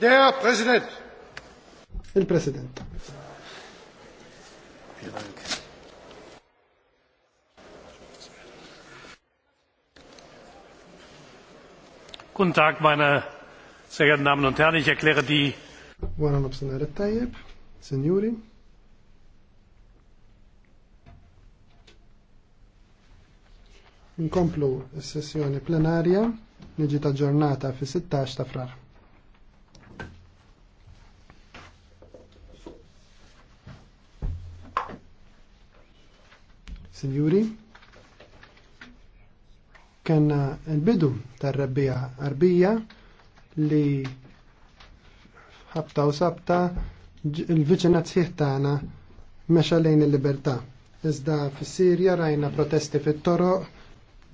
Der President. Il-President. Guten Tag, meine sehr geehrten Damen und Herren. Ich erkläre die. Buona nobsena rettajib, signori. Nkomplu s-sessjoni plenarja nġi ta' ġurnata fi 16 ta' frar. Signori, kena l-bidu tar rabbija arbija li ħabta u sabta il-viċinat sieħ tagħna mexa lejn il-libertà. Iżda fis-Sirja rajna protesti fit-toroq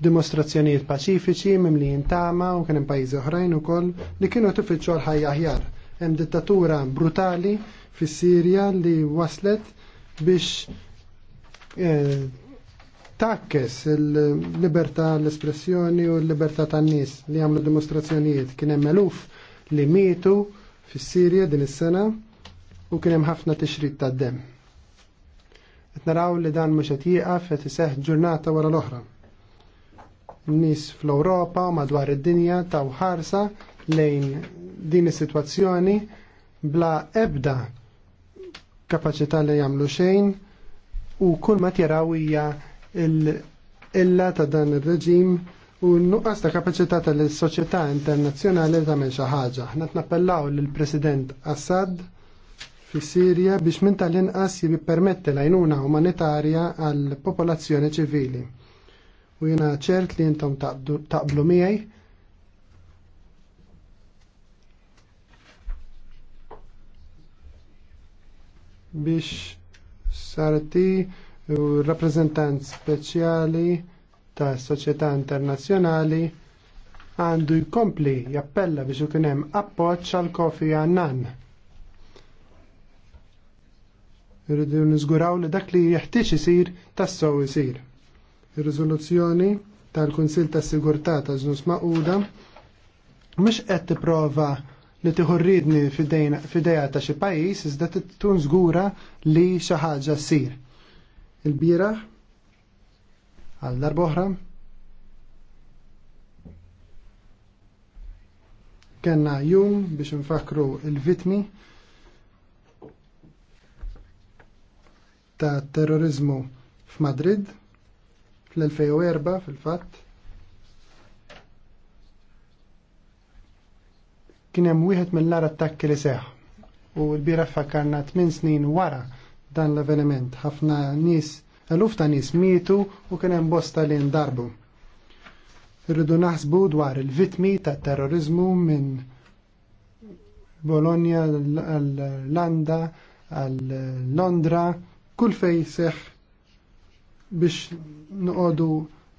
dimostrazzjonijiet paċifiċi mimlijin tama u kien hemm pajjiżi oħrajn ukoll li kienu tifittxu għal ħajja ħjar. Hemm dittatura brutali fis-Sirja li waslet biex eh, takkes il-libertà l-espressjoni u l-libertà tan-nies li għamlu dimostrazzjonijiet. Kien hemm eluf li mietu fis-Sirja din is-sena u kien hemm ħafna tixrid tad-demm. Qed naraw li dan mhux qed jieqaf qed iseħħ ġurnata wara l-oħra nis fl-Europa madwar id-dinja ta' ħarsa lejn din is-sitwazzjoni bla ebda kapaċità li jagħmlu xejn u kull ma tjaraw hija illa ta' dan ir-reġim u nuqqas ta' kapaċità tal-soċjetà internazzjonali tagħmel xi ħaġa. Ħna tnappellaw lill-President Assad fis Sirja biex minn tal-inqas jippermetti l-għajnuna umanitarja għall popolazzjoni ċivili u jena ċert li jentom taqblu miegħi. biex sarti rappresentant speċjali ta' soċjetà internazzjonali għandu jkompli jappella biex ikun hemm appoġġ għal Kofi Annan. Irridu niżguraw li dak li jeħtieġ isir tassew isir. Ir-riżoluzzjoni tal-Kunsil tas Sigurtà ta' Żnus Maquda mhux qed tipprova li tiħorridni rridni f'idejha ta' xi pajjiż iżda tkun żgura li xi ħaġa ssir. Il-bieraħ għal darba oħra kenna jum biex nfakru il-vitmi ta' terrorizmu f'Madrid fl-2004 fil-fatt kien hemm wieħed mill-ara attakki li seħ u l-bira fakkarna 8 snin wara dan l-avveniment. Ħafna nies, eluf ta' nies mietu u kien hemm bosta li ndarbu. Irridu naħsbu dwar il-vitmi ta' terrorizmu minn Bologna, l-Landa, għal Londra, kull fej seħ biex noqogħdu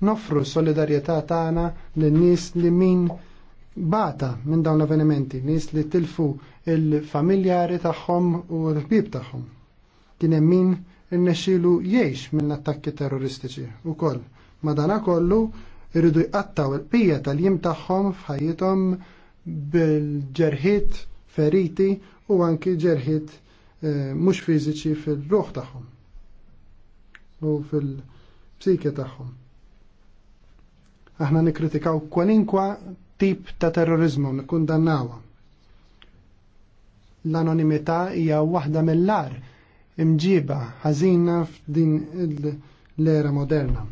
nofru s-solidarjetà tagħna lin-nies li min bata minn dawn l-avvenimenti, nies li tilfu il-familjari tagħhom u l-ħbib tagħhom. Kien hemm min irnexxielu jgħix minn attakki terroristiċi wkoll. Madana kollu irridu jqattaw il-qija tal-jim tagħhom f'ħajjithom bil-ġerħiet feriti u anki ġerħiet eh, mhux fiżiċi fil-ruħ tagħhom u fil-psike tagħhom. Aħna nikkritikaw kwalinkwa tip ta' terrorizmu nikkundannawha. L-anonimità hija waħda mill-ar imġiba ħażina f'din l-era moderna.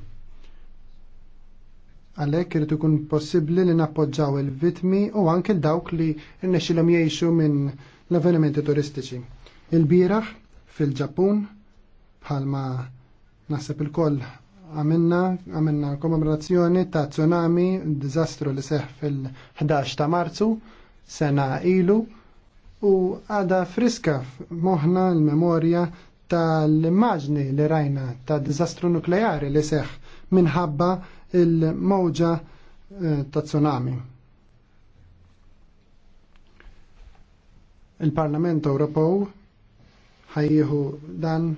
Għalhekk irid ikun possibbli li nappoġġaw il-vitmi u anke dawk li rnexxilhom jgħixu minn l-avvenimenti turistiċi. Il-bieraħ fil-Ġappun bħalma Naħseb il-koll għamilna, għamilna komemorazzjoni ta' tsunami, dizastru li seħ fil-11 ta' marzu, sena ilu, u għada friska moħna l-memorja tal-immaġni li rajna ta' dizastru nukleari li seħ minħabba il-mowġa eh, ta' tsunami. Il-Parlament Ewropew ħajjieħu dan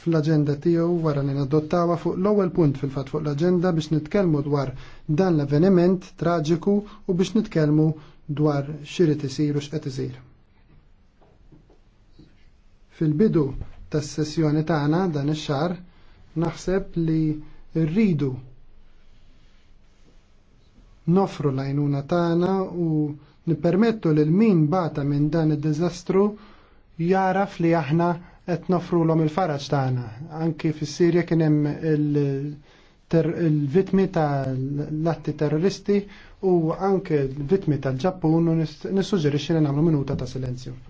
fl-agenda tiegħu wara li nadottawa fuq l-ewwel punt fil-fatt fuq l-agenda biex nitkellmu dwar dan l-avveniment traġiku u biex nitkellmu dwar xirid isir u x'qed isir. Fil-bidu tas-sessjoni tagħna dan ix-xahar naħseb li rridu nofru l-għajnuna tagħna u nippermettu lil min bata minn dan id-diżastru jaraf li aħna qed nofru l-om il-faraġ tagħna. Anki fis-Sirja kien hemm il-vitmi ta' l-atti terroristi u anke l-vitmi tal-Ġappun u nissuġġerixxi li nagħmlu minuta ta' silenzju.